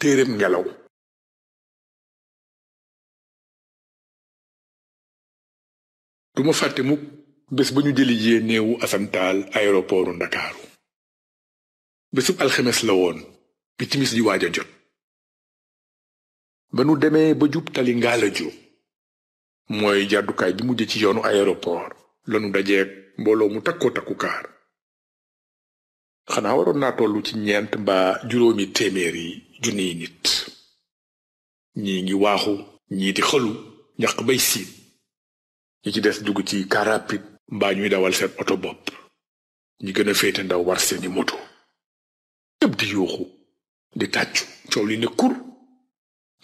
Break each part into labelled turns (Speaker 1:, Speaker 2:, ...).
Speaker 1: téereb ngelaw duma fàtte mukk bés ba ñu jëli jee néewu asantaal aéroportu ndakaaru bésu alxemes la woon bi timis di waaj a jot ba nu
Speaker 2: demee ba jub tali ngaala ju mooy jàddukaay bi mujj ci yoonu aéroport lanu dajeek mbooloo mu takkoo takku kaar xanaa waroon naa toll ci ñeent mbaa juróomi téeméer yi junniy nit ñii ngi waaxu ñii di xëlu ñax bay siin ñi ci des dugg ci car rapide mbaa ñuy dawal seen oto bopp ñu gën a féete ndaw war seeni moto ñëpp di yuuxu di tàccu coow li ne kur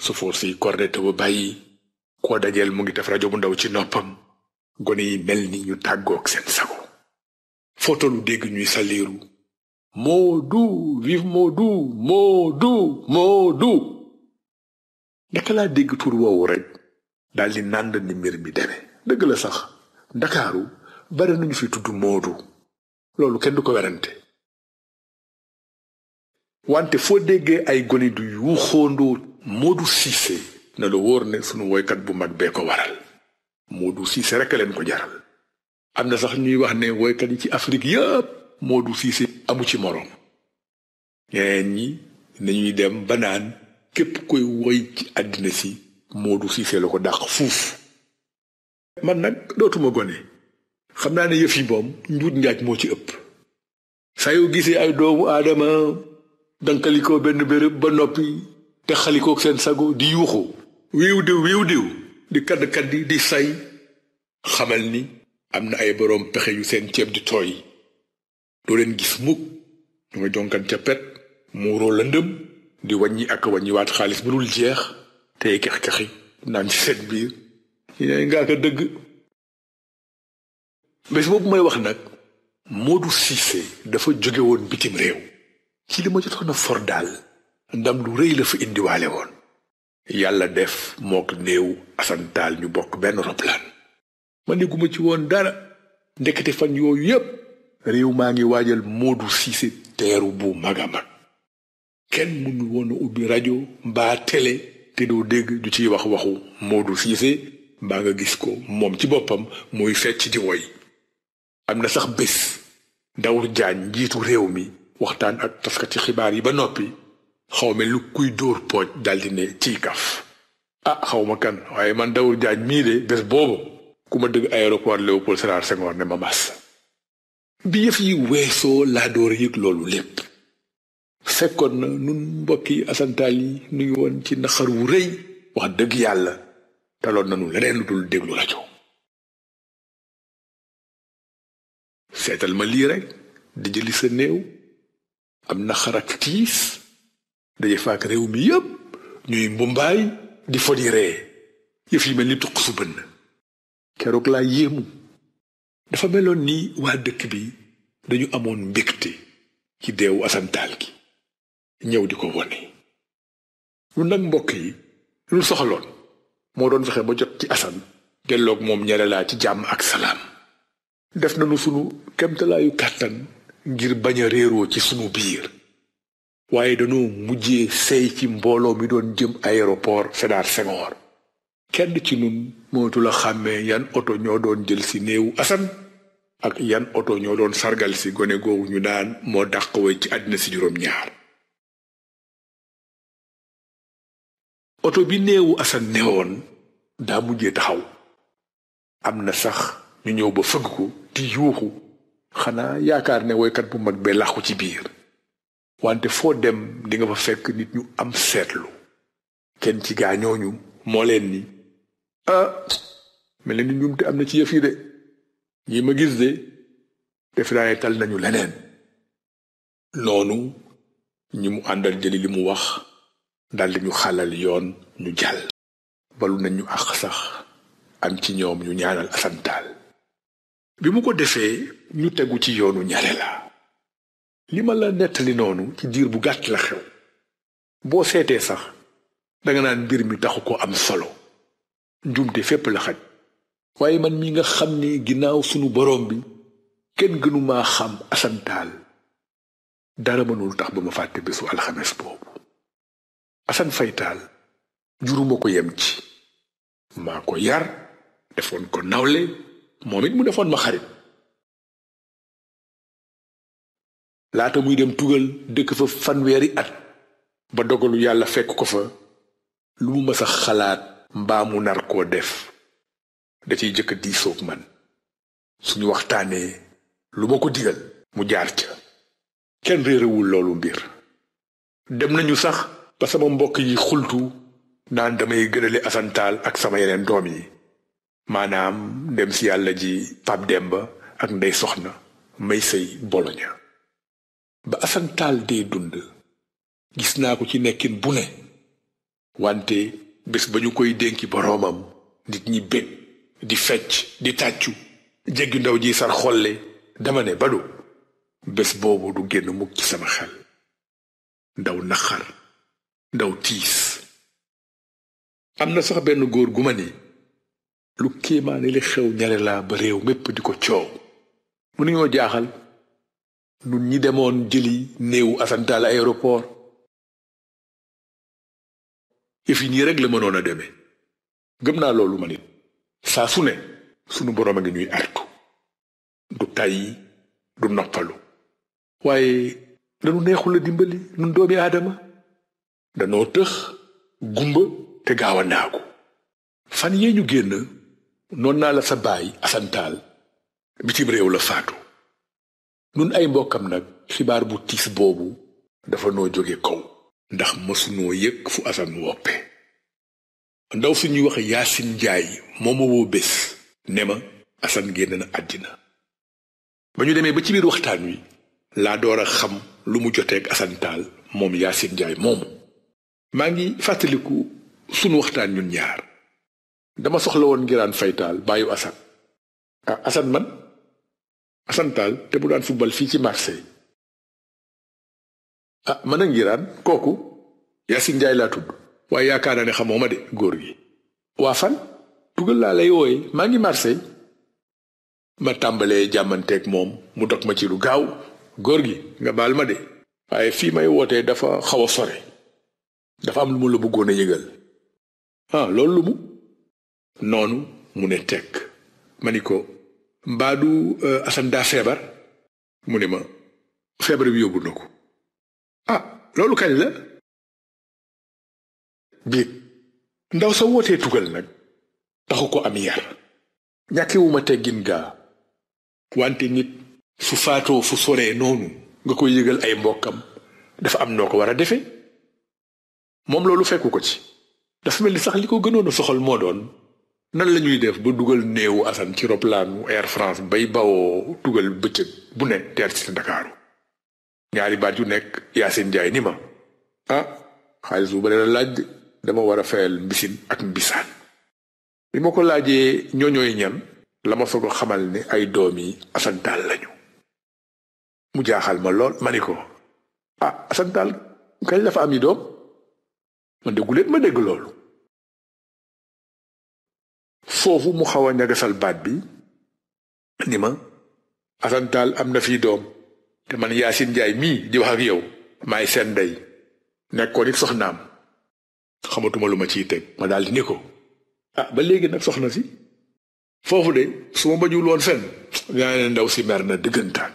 Speaker 2: sofoor si kornete bu bàyyi koo dajeel mu ngi def rajo bu ndaw ci noppam gone yi mel ni ñu tàggook seen sago footolu dégg ñuy saliiru du Modou vive Modou Modou Modou naka laa dégg tur woowu rek daal di nànd ni mbir mi deme dëgg la sax ndakaaru bare nañu fi tudd Modou loolu kenn du ko werante wante foo déggee ay gone du yuuxoondoo Modou Cissé na lu wóor ne sunu woykat bu mag bee ko waral Modou Cissé rek a leen ko jaral am na sax ñuy wax ne woykat yi ci Afrique yëpp yépp Modou Cissé ci moroom ñeneen ñi nañuy dem banaan képp koy woy ci àddina si Modou Cissé la ko dàq fuuf man nag dootuma gone xam naa ne yëf yi moom njuut njaaj moo ci ëpp saa yoo gisee ay doomu aadama dankalikoo benn bërëb ba noppi te xalikook seen sago di yuuxu wiiw diw wiiw diw di kadd kaddi di say xamal ni am na ay boroom pexe yu seen ceeb di tooy doo leen gis mukk ñooy donkan ca pet muuroo lëndëm di wàññi ak wàññi waat xaalis bu dul jeex tey kex-kexi naan ci seen biir yéen ngaa ko dëgg bés boobu may wax nag Modou Cissé dafa jóge woon bitim réew ci li ma jotoon for daal ndam lu rëy la fa indiwaale woon yàlla def mook néew asantaal ñu bokk benn roplaan ma ne guma ci woon dara ndekete fan yooyu yëpp réew maa ngi waajal Modou Cissé teeru bu mag a mag kenn mënul woon ubbi rajo mbaa télé te doo dégg du ci wax waxu Modou Cissé mbaa nga gis ko moom ci boppam muy fecc di woy am na sax bés Daour Diagne njiitu réew mi waxtaan ak ci xibaar yi ba noppi xaw xawma lu kuy dóor pooj daldi ne ciy kaf ah xawma kan waaye man Daour Diagne mii de bés boobu ku ma dëgg aéroport Léopold Sédar Senghor ne ma mas bi yëf yi weesoo laa door yëg loolu lépp sekkoon na nun mbokki asantaal yi nu ngi ci naxar wu rëy
Speaker 1: wax dëgg yàlla taloon nanu leneen lu dul déglu rajo seetal ma lii rekk di jëli sa néew
Speaker 2: am naxar ak tiis daje réew mi yëpp ñuy mbumbaay di fodi ree yëf yi mel ni tuq su bënn keroog laa yéemu dafa meloon ni waa dëkk bi dañu amoon mbégte ci deewu asantaal gi ñëw di ko wone lu nag mbokk yi lu soxaloon moo doon fexe ba jot ci asan delloog moom ñelelaa ci jàmm ak salaam def nañu sunu kemtalaayu kàttan ngir bañ a réeroo ci sunu biir waaye dañu mujjee sey ci mbooloo mi doon jëm aéroport Sédar Senghor kenn ci nun mootu la xàmmee yan oto ñoo doon jël si néewu Assane
Speaker 1: ak yan oto ñoo doon sargal si gone googu ñu daan moo dàq way ci àddina si juróom ñaar bi néewu Assane newoon daa mujjee taxaw am na sax ñu ñëw ba
Speaker 2: fëgg ko di yuuxu xanaa yaakaar ne woykat bu mag bee ko ci biir wante foo dem di nga fa fekk nit ñu am seetlu kenn ci gaa moo leen ni ah mel na ni am na ci yëf yi de ñi ma gis de defe naa tal nañu leneen noonu ñi mu àndal jëli li mu wax daldi ñu xalal yoon ñu jàll balu nañ ñu àq sax am ci ñoom ñu ñaanal asantaal bi mu ko defee ñu tegu ci yoonu ñare la li ma la nettali noonu ci diir bu gàtt la xew boo seetee sax danga naan mbir mi taxu ko am solo njuumte fépp la xaj waaye man mi nga xam ni ginnaaw sunu borom bi kenn gënumaa xam asantaal dara mënul tax ba ma fàtte bésu alxames boobu asan faytaal juruma ko
Speaker 1: yem ci maa ko yar defoon ko nawle moom it mu defoon ma xarit laata muy dem tugal dëkk fa fanweeri at ba dogalu yàlla fekk ko fa lu mu mës a
Speaker 2: xalaat mbaamu nar koo def da ciy jëkk diisoog man suñu waxtaanee lu ma ko digal mu jaar ca kenn réerewul loolu mbir dem nañu sax ba sama mbokk yi xultu naan damay gënale asantaal ak sama yeneen doom yi maanaam dem si yàlla ji Pape Demba ak ndey soxna may sëy boloña ba asantaal dee dund gis naa ko ci nekkin bu ne wante bés ba ñu koy dénki boroomam nit ñi bég di fecc di tàccu jéggi ndaw ji sar xolle dama ne badu bés boobu du génn mukk ci sama xel ndaw naxar ndaw tiis am na sax benn góor gu ma ni lu kéemaane li xew ñale laa ba réew mépp di ko
Speaker 1: coow mënuñoo jaaxal nun ñi demoon jëli néewu asantaal aéroport yëf yi nii rek la mënoon a demee gëm naa loolu ma nit saa su ne sunu boroom a ngi ñuy artu
Speaker 2: du tàyyi du noppalu waaye dañu neexul la dimbali nun doomi aadama danoo tëx gumba te gaaw a naagu fan yee ñu génn noon naa la sa baay asantaal bitim réew la faatu nun ay mbokkam nag xibaar bu tiis boobu dafa noo jóge kaw ndax mësunoo yëg fu asan woppe ndaw suñuy wax yaasin njaay moo ma woo bés ne ma asan génn na àddina ba ñu demee ba ci biir waxtaan wi laa door a xam lu mu joteeg asan taal moom yaasin njaay moomu maa ngi fàttaliku sunu waxtaan
Speaker 1: ñun ñaar dama soxla woon ngiraan faytaal bàyyu asan ah asan man asan taal te bu daan football fii ci Marseille
Speaker 2: ah man a ngiraan kooku Yacine Ndiaye laa tudd waaye yaakaar naa ne xamoo ma de góor gi waa fan tugal laa lay wooye maa ngi Marseille ma tàmbalee jàmmanteeg moom mu dog ma ci lu gaaw góor gi nga baal ma de waaye fii may wootee dafa xaw a sore dafa am lu mu la a yëgal ah loolu lu mu noonu mu ne teg ma ni ko mbaadu
Speaker 1: euh, Assane daa feebar mu ne ma feebar bi yóbbu na ko loolu kañ la biig ndaw soo wootee tugal nag taxu ko am yar ñàkkewuma teggin gaa
Speaker 2: wante nit su faatoo fu soree noonu nga koy yëgal ay mbokkam dafa am noo ko war a defe moom loolu fekku ko ci dafa mel ni sax li ko gënoon a soxal moo doon nan la ñuy def ba dugal néewu Assane ci roplaanu Air France bay bawoo tugal bëccëg bu ne ter ci Ndakaaru ñaari baat yu nekk Yacine Ndiaye ni ma ah xaalis bu bare la laaj dama war a fayal mbisin ak mbisaan bi ma ko laajee ñoo ñan la ma soog a xamal ne ay doom yi asantaal lañu mu jaaxal ma lool ma ni ko
Speaker 1: ah asantaal kañ la fa am yi doom ma de ma dégg loolu foofu mu xaw a ñagasal baat bi
Speaker 2: ni ma asantaal am na fi doom te man Yaasin Njaay mii di wax ak yow maay seen ndey nekkoon it soxnaam xamatuma lu ma ciy teg ma daal di ni ko ah ba léegi nag soxna si foofu de su ma bañul woon fenn dinaa ne ndaw si mer na dëggantaan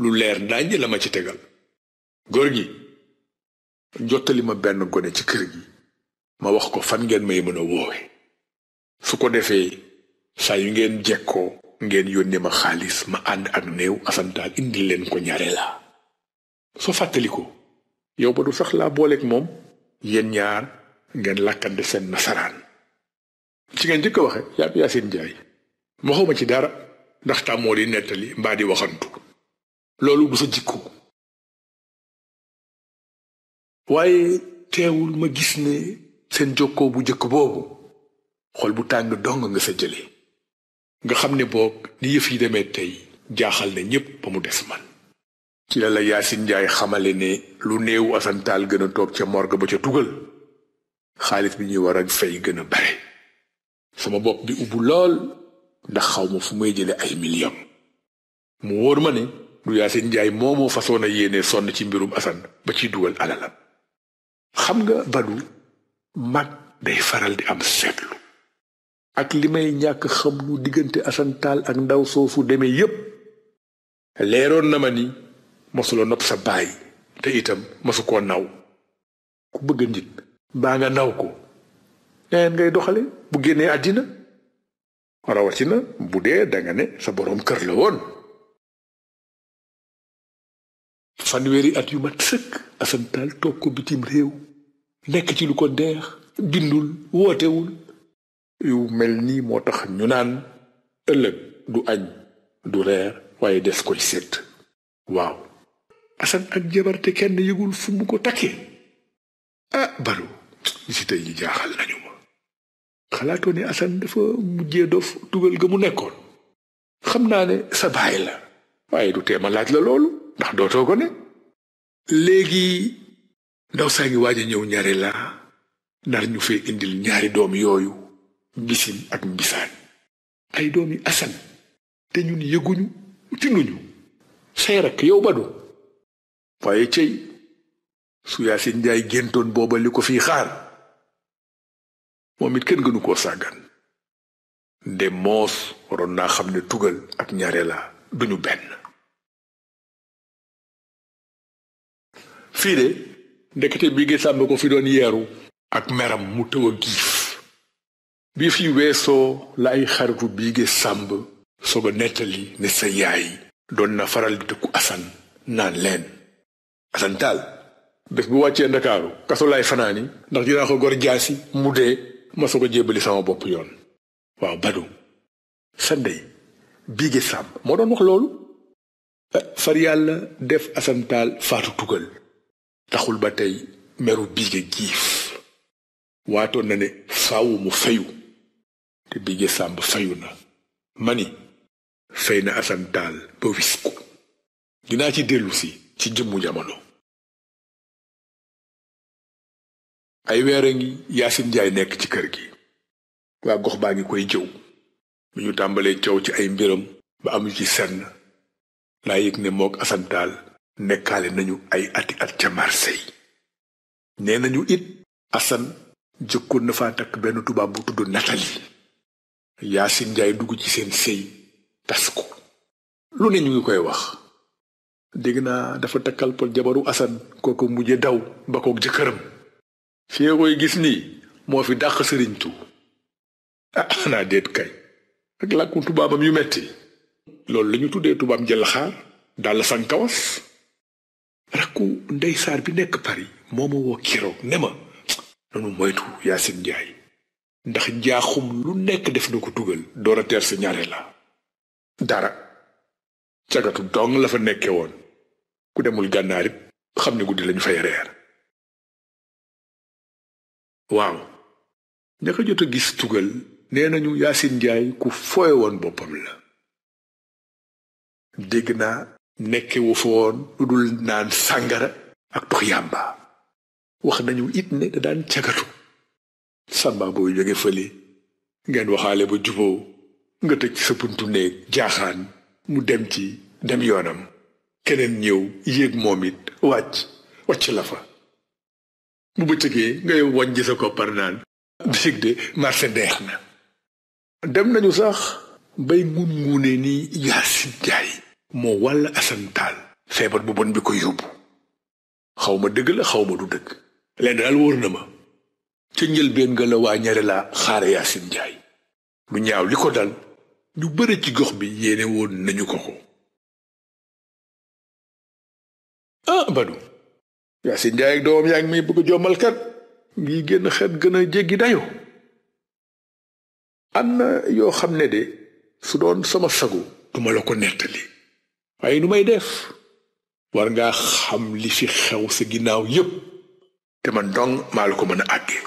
Speaker 2: lu leer daañu la ma ci tegal góor gi jottali ma benn gone ci kër gi ma wax ko fan ngeen may mën a woowe su ko defee saa yu ngeen jekkoo ngeen yónnee ma xaalis ma ànd ak néew asantaal indi leen ko ñaare la so fàttaliko yow ba du sax laa booleeg moom yéen ñaar ngeen nasaran. seen nasaraan ci ngeen njëkk waxe yàpp yaasin njaay waxuma ci dara
Speaker 1: ndax tàmmoo di nettali mbaa di waxantu loolu bu sa jikko waaye teewul ma gis ne seen jokkoo bu jëkk
Speaker 2: boobu xol bu tàng dong nga sa jëlee nga xam ne boog ni yëf yi demee tey jaaxal na ñépp ba mu des man ci la la Yaasin Njaay xamale ne lu néewu asantaal gën a toog ca morgue ba ca tugal xaalis bi ñuy war a fay gën a bare sama bopp bi ubbu lool ndax xaw ma fu may jële ay million mu wóor ma ne du Yaasin Njaay moomoo façon a yéene sonn ci mbirum Assane ba ciy dugal alalam xam nga Badu mag day faral di am seetlu ak li may ñàkk xam lu diggante asantaal ak ndaw soosu demee yépp leeroon na ma ni mosuloo nopp sa baay te itam mosu koo naw ku bëgg nit baa nga naw ko
Speaker 1: neneen ngay doxale bu génnee àddina rawatina bu dee danga ne sa boroom kër la woon fanweeri at yu mat sëkk asantaal toog ko bitim réew nekk ci lu ko deex bindul
Speaker 2: wootewul yu mel nii moo tax ñu naan ëllëg du añ du reer waaye des koy sédd waaw asan ak jabarte kenn yëgul fu mu ko takkee ah baru si tey jaaxal nañu ma xalaatoo ne asan dafa mujjee dof tugal ga mu nekkoon xam naa ne sa baay la waaye du teema laaj la loolu ndax dootoo ko ne léegi ndaw saa ngi waaj ñëw ñaari la nar ñu fee indil ñaari doom yooyu gisin ak ngisaan ay doomi asan te ñun yëguñu tinuñu say rakk yow badu waaye cëy su yaasin njaay géntoon booba li ko fi xaar
Speaker 1: moom it kenn gënu koo sàggan de moos ron naa xam ne tugal ak ñaare la duñu benn fii de ndekete bi ngi sàmb ko fi doon yeeru ak meram mu tëw a giif
Speaker 2: bi fi weesoo la ay xaritu bii sàmb soog a nettali ne sa yaay doon na faral di dëkku asan naan leen asan taal bés bu wàccee ndakaaru kasolaay laay fanaani ndax dinaa ko gor jaasi mu dee ma soog a jébbali sama bopp yoon waaw badu sa ndey bii sàmb moo doon wax loolu eh, far yàlla def asan taal faatu tugal taxul ba tey meru biige giif waatoon na ne faaw mu fayu te Bige Sàmb fayu na mani
Speaker 1: fay na Assane ba wisku dinaa ci dellusi ci jëmmu jamono ay weer a ngi Yaasin Njaay nekk ci kër gi waa gox baa ngi koy jëw bi ñu tàmbalee coow ci ay mbiram
Speaker 2: ba amu ci senn laa yëg ne mook Assane nekkaale nañu ay ati at ca Marseille nee nañu it Assane jëkkoon na faa takk benn tubaab bu tudd Nathalie Yaasin Njaay dugg ci seen sëy tas ko lu ne ñu ngi koy wax dégg naa dafa takkal pol jabaru Assane kooku mujje daw ba kook jëkkëram fi nga koy gis nii moo fi dàq sëriñtu ah xanaa déet kay ak làkku tubaabam yu metti loolu lañu tuddee tubaab jël xaar dàll san kawas rakku ndey saar bi nekk Paris moo ma woo kiroog ne ma nanu moytu Yaasin Njaay ndax jaaxum lu nekk def na ko dugal door a teer sa ñaare la dara
Speaker 1: cagatu dong la fa nekke woon ku demul gànnaarit xam ne guddi lañu fa reer waaw ña jot a gis tugal nee nañu Yaasin Njaay ku fooye woon boppam la
Speaker 2: dégg naa nekke wu fa woon lu dul naan sàngara ak tox yàmba wax nañu it ne da daan cagatu sàmba booy jóge fële ngeen waxaale ba juboo nga tëj ci sa puntu néeg jaaxaan mu dem ci dem yoonam keneen ñëw yéeg moom it wàcc wàcc la fa bu bëccëgee ngay wàññi sa koppar naan bisig de marché deex na dem nañu sax bay ngun nguune ni Yaasin Jaay moo wàll Asan Taal feebar bu bon bi ko yóbbu xaw ma dëgg la xaw ma du dëgg leen daal wóor na ma ca njëlbeen nga la waa ñare
Speaker 1: la xaare yaasin njaay lu ñaaw li ko dal ñu bare ci gox bi yéene woon nañu ko ko ah badu yaasin njaay ak doomam yaa ngi may bëgg a ngi génn xet gën a jéggi dayo
Speaker 2: am na yoo xam ne de su doon sama sagu duma la ko nettali waaye nu may def war ngaa xam li fi xew
Speaker 1: sa ginnaaw yépp te man dong maa la ko mën a àggee